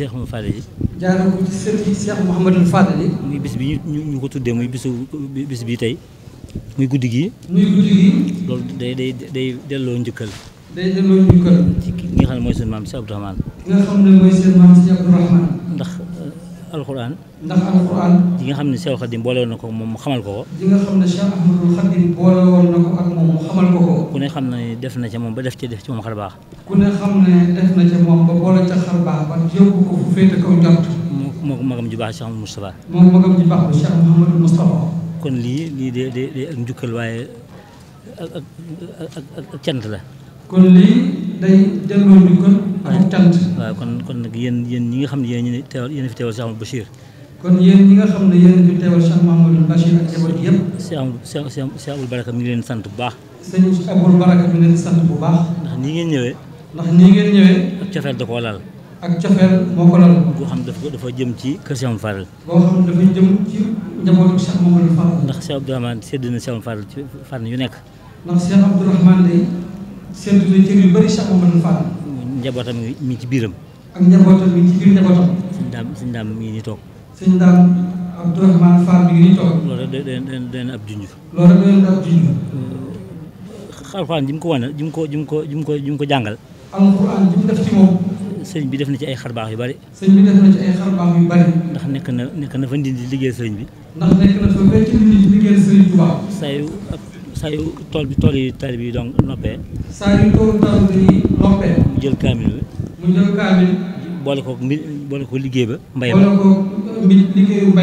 Cheikh Mouhamadou Fadel yi jaaree ko ci muy bis bi ñu ñu ko tuddee muy bis bi tey muy guddi gi muy guddi gi loolu day day day delloo njëkkal day delloo njëkkal nga xam ne mooy seen maam si Abdourahmane ki nga xam ne mooy seen maam si Abdourahmane alxuraan. ndax alxuraan. ji nga xam ne Seex Xaadim na ko moom mu xamal ji nga xam ne Seex Ahmadul boole woon na ko ak moom mu xamal ko ko. ku ne xam ne def na ca moom ba def ci def ci moom xar baax. ku ne xam ne def na ca moom ba boole ca xar baax ba yóbbu ko fu féete kaw njort. moo moo ko magam ju baax Seex Muhammadu Mustafaa. moo ko magam ju baax ba Seex Muhammadu Mustafaa. kon lii lii de de de ak njukkal waaye ak ak ak cant la. day delloo njukkal ak cant waaw kon kon nag yéen yéen ñi nga xam ne yéen ñu teewal yéen fi teewal Cheikh fi teewal Cheikh Mahamadou Baraka mi ngi leen sant bu baax sëñ Aboul Baraka mi ngi leen sant bu baax ndax nii ngeen ñëwee ndax nii ngeen ñëwee ak cofeel da koo laal ak cofeel moo ko lal boo xam ne dafa jëm ci kër Cheikh Amadou Fall boo jëm ci njabootu Cheikh Mahamadou Fall ndax Cheikh Abdourahmane sédd yu nekk ndax Cheikh Abdourahmane day séntu na cër yu bëri Cheikh Mamadou Fall. njabootam mi ci biiram. ak njabootam mi ci biir njabootam. sëñ daam sëñ daam mi ngi nii toog. sëñ daam Abdourahmane Fall mi ngi nii toog. loolu rek day day ab junj. loolu rek day ab junj. alxuraan ji mu ko wane ji ko ji mu ko ji mu ko ji ko jàngal. alxuraan ji mu def ci moom. sëriñ bi def na ci ay xarbaax yu bari. sëriñ bi def na ci ay xarbaax yu bari. ndax nekk na nekk na fa ndindi liggéeyal sëriñ bi. ndax nekk na saa yu tool bi tool yi taalib yi donc noppee. saa yi noppee. mu jël kaamil bi. mu jël kaamil. boole ko mi boole ko liggéey ba. mbay ma boole ko euh, mi liggéeyu ma.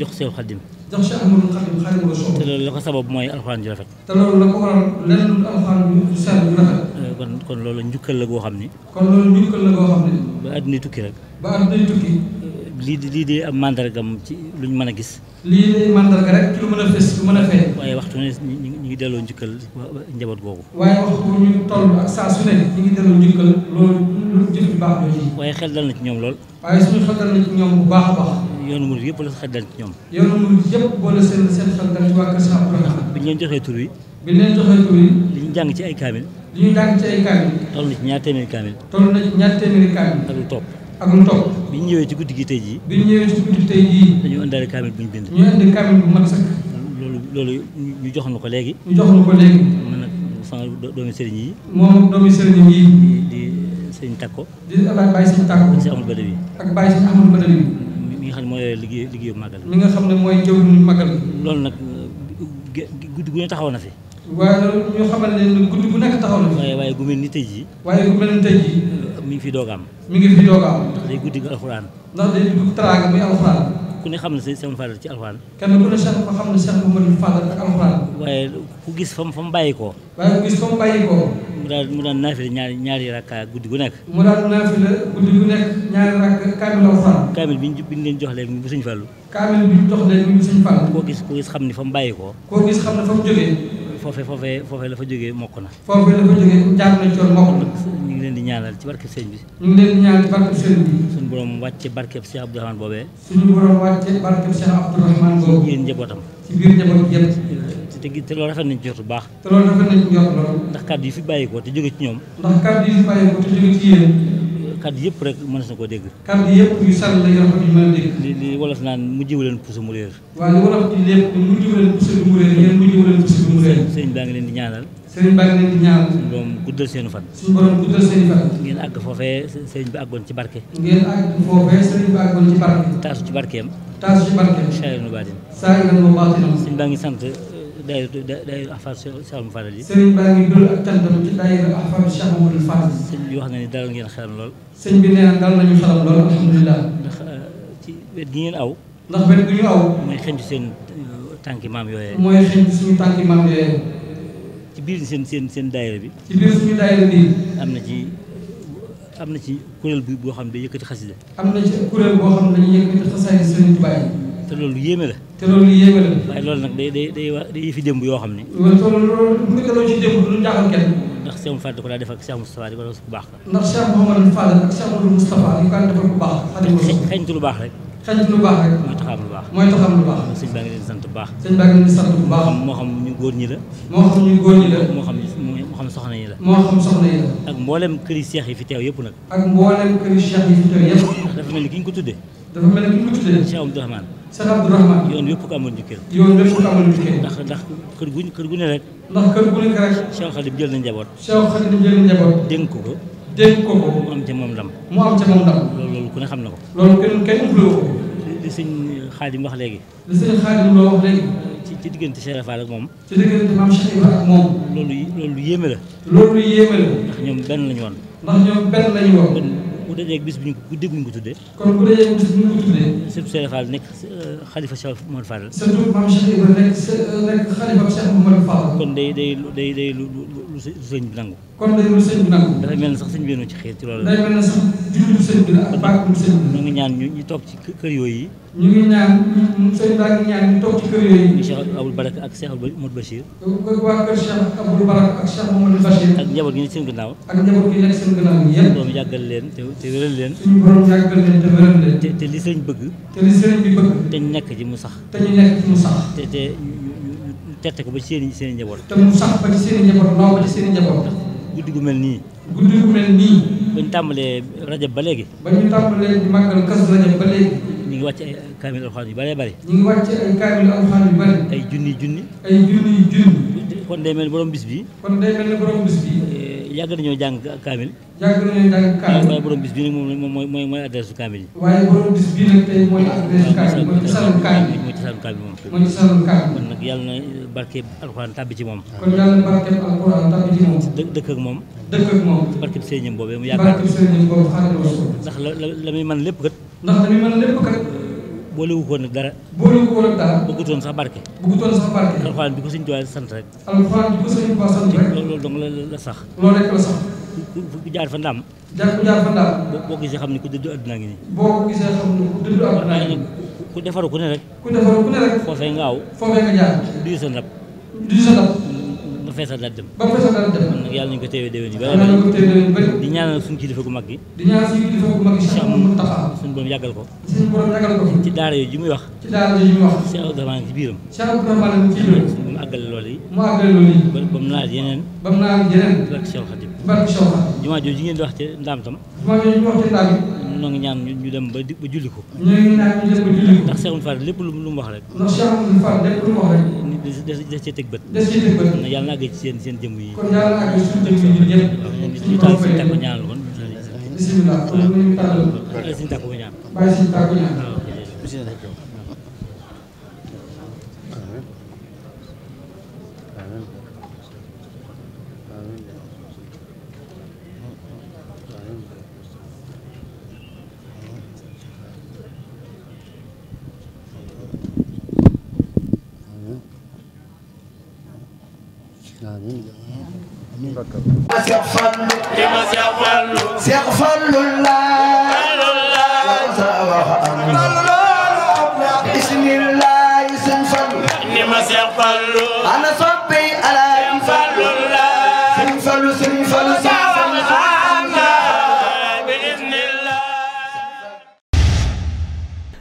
jox Seex Xaadim. jox Seex Axmadu Xaadim la ko sabab mooy alxuraan ju rafet. te loolu la ko waral lenn alxuraan ju sell ju rafet. Euh, kon kon loolu njukkal la goo xam ni. kon loolu njukkal la goo xam ni. ba àdduna tukki rek. ba àdduna tukki. lii di lii di ab mandargam ci luñ mën a gis. lii di mandarga rek ci lu mën a fës lu mën a fee. waaye waxtu ne ñu ngi delloo njukkal njaboot googu. waaye waxtu ñu ñu ngi delloo njukkal lu jëf bu baax loolu waaye xel dal na ci ñoom lool. waaye xel dal ci ñoom bu baax a yoonu murid yëpp la xel dal ci ñoom. yoonu murid seen seen xel dal ci waa Kër Cheikh Abdou bi ñu leen joxee tur wi. bi ñu leen joxee tur wi. li ñu jàng ci ay kaamil. li ñu jàng ci ay kaamil. toll na ci ñaar téeméeri kaamil. toll na ci ak lu topp bi ñu ñëwee ci guddi gi tey jii bi ñu ñëwee ci guddi tey jii dañu indaale kaamil bu ñu bind ñu indi kaamil bu mat sëkk loolu loolu ñu jox na ko léegi ñu jox na ko léegi man nag sama doomi sëriñ yi moom doomi sëriñ yi di sëriñ Takko di alaaj bàyyi sëriñ Takko si amul Badawi ak bàyyi si amul Badawi mi nga xam mooy liggéey liggéeyu màggal mi nga xam ne mooy jëw ñu màggal loolu nag guddi gu ne taxaw na fi waaye loolu ñu xamal ne guddi gu nekk taxaw na fi waaye waaye gu mel ni tey jii waaye mi ngi fi doog am mi ngi fi doog am ndax day guddi gi alxuraan ndax day dugg taraanga muy alxuraan ku ne xam ne sëñ Cheikh Fadal ci alxuraan kenn ku ne Cheikh ko xam ne Cheikh Mouhamadou Fadal ak alxuraan waaye ku gis fa mu fa mu bàyyi koo waaye ku gis fa mu bàyyi koo mu daan mu daan naafile ñaari ñaari rakka guddi gu nekk mu daan naafile guddi gu nekk ñaari rakka kaamil alxuraan kaamil bi ñu leen jox leen bu sëñ Fallou kaamil bi ñu jox leen bu sëñ Fallou koo gis koo gis xam ne fa mu bàyyi koo koo gis xam ne fa mu jógee foofe foofe foofe la fa jógee mokk na foofe la fa jógee jaar na coon mokk na ñaanal ci barkeb sëñ bi ñu ngi leen di ñaanal ci barkeb sëñ bi suñu borom wàcce barkeb Cheikh Abdourahmane boobee suñu borom wàcce barkeb Cheikh Abdourahmane boobu ci biir njabootam ci biir njaboot yëpp te loolu rafet nañ ci jot bu baax te loolu rafet nañ ci jot loolu ndax kàddu yi fi bàyyikoo te jóge ci ñoom ndax kàddu yi fi bàyyikoo te jóge ci yéen kàddu yëpp rek mënees na koo dégg kàddu yëpp yu sàll la yoo xam ne mën a dégg li li wolof naan mu jiw leen puso mu réer waaye wolof di lépp mu jiw leen puso mu réer yéen mu jiw leen puso mu réer sëñ baa ngi leen di ñaanal seen fan. suñu borom bi àggoon ci barke. ci barke. ngi sant daayiru eh, daayiru Ahfadu yi. sëriñ baa ngi dul ak na ni dal nañu xelam lool alhamdulilah. ndax eh, ci wet gi ngeen aw. ndax wet gi ñu aw. mooy xëñ seen eh, tànki maam yooyee ci biir seen seen seen daayira bi. ci biir suñu daayira bi. am na ci am na ci kuréel bi boo xam ne day yëkkati xasida. am na ci kuréel boo xam ne dañuy te loolu yéeme la. te loolu yéeme la. waaye loolu nag day day day day yëfi démb yoo xam ne. loolu loolu bu ñu ko ci démb du jaaxal kenn. ndax Cheikh Moufane da ko daan def ak Cheikh Moustapha di ko def bu baax. ndax Cheikh Mouhamadou Fadel ak Cheikh Moustapha di ko daan def bu baax. xañ xañ lu baax rek. xaj lu baax rek. mooy taxaam lu baax mooy taxaam lu baax. sëñ baa ngi leen di sant bu baax. sëñ baa ngi leen di sant bu baax. moo xam ñu góor ñi la. moo xam ñu góor ñi la. yi la. moo ak mboolem këri yi seex yi fi yëpp. ndax dafa mel ni ki ni ki ko tuddee. Cheikh Abdou yoon yëpp amoon njukkeel. yoon yëpp kër gu kër gu ne rek. ndax kër njaboot. Cheikh ko ko. moom ndam. mu am ca moom ndam. loolu ku ne xam na ko. loolu kenn kenn umpale ko. li sëñ Xaadim wax léegi. li sëñ Xaadim loo wax léegi. ci ci diggante Cheikh Fall ak moom. ci diggante maam Cheikh Ibra ak moom. loolu loolu yéeme la. loolu yéeme la. ndax ñoom benn lañu woon. ndax ñoom benn lañu woon. kon bu dajee bis bu ñu ko bu dégg ñu bis bu ñu ko tuddee. surtout Cheikh Fall nekk xalifa Cheikh Mouhamadou Fall. surtout maam Cheikh Ibrahima nekk nekk kon day day day day lu lu bi nangu. kon day lu sëñ bi nangu. dafay mel ne sax sëñ bi ci xeer ci loolu. day mel ne sax jullu sëñ bi la ak bàkku sëñ bi. ñu ngi ñaan ñu ñu toog ci kër yooyu. ñu ngi ñaan sëñ baa ngi ñaan. kër yooyu. Cheikh Abdoul Baraka ak Cheikh Amadou Bachir. waa kër Cheikh Abdoul Baraka ak Cheikh Amadou Bachir. ak njaboot gi nekk seen gannaaw. ak njaboot gi nekk seen gannaaw yëpp. suñu borom yàggal leen te te wéral leen. suñu borom yàggal leen te wéral leen. te te li sëriñ bëgg. te li sëriñ bi bëgg. te ñu nekk ci mu sax. te ñu nekk ci mu sax. te te tette ko ba ci seen i seen i njaboot. te mu sax ba ci seen i njaboot noo ba ci seen i njaboot. guddi gu mel nii. guddi gu mel nii. ba ñu tàmbalee rajab ba léegi. ba ñu tàmbalee màggal kas rajab ba léegi ngi wàcc ay kaamil alxuraan yu bëree bëri. ñu ngi ay kaamil alxuraan yu ay junni junni. ay junni junni. kon day borom bis bi. kon day borom bis bi. yàgg nañoo jàng kaamil yàgg nañoo jàng kaamil waaye borom bis moom mooy mooy mooy adresse su kaamil yi waaye borom bis bii nag tey mooy adresse kaamil mooy tasaarub kaamil mooy tasaarub kaamil moom mooy tasaarub kaamil kon nag yàlla na barkeb alxuraan tàbbi ci moom kon yàlla na barkeb alxuraan tàbbi ci moom dëkk ak moom dëkk ak moom barkeb sëriñam boobee mu yaakaar barkeb sëriñam boobu ndax la la muy mën lépp kat ndax la muy mën lépp kat boolewu ko woon ak dara boolewu ko woon dara bëggutoon sax barke bëggutoon sax barke alxuraan bi ko sëñ Tuubaa sant rek alxuraan bi ko sëñ Tuubaa sant rek loolu dong la la sax loolu rek la sax ku jaar fa ndam jaar fa ndam boo gisee xam ne ku dëddu àdduna ngi nii boo ko gisee xam ne ku dëddu àdduna ngi nii ku defaru ku ne rek ku defaru ku ne rek foofee nga aw foofee nga jaar duy sa sa ndab feesal daal dem ba feesal daal dem kon nag yàlla nañu ko teewee déwén yu bëri yàlla nañu gu mag gi di ñaanal suñu kilifa yàggal ko suñu borom ji muy wax ci daara yooyu ji muy wax loolu yi mu àggale loolu yi ba ba mu naal yeneen ba mu naal yeneen barke jumaa jooju ngeen di wax ndaam tam jumaa jooju ñu wax ci ndaam noo ngi ñaan ñu dem ba di ba julli ko. ñoo ngi ñaan ñu dem ba julli ko. ndax Cheikh Fall lépp lu mu wax rek. ndax Cheikh Fall lépp lu mu wax rek. des des cee teg bët. des cee teg bët. yàlla naa gëj ci seen seen jëmm yi. kon yàlla naa gëj suñu jëmm yi ñëpp. ñu taal suñu takku ñaan la kon. bisimilah kon ñu ngi tàll. bàyyi suñu takku ñaan. bàyyi suñu takku ñaan. waaw. Cheikh Fallou Cheikh Fallou bismillah Cheikh Fallou Cheikh Fallou ana soppi ala Cheikh Fallou la Cheikh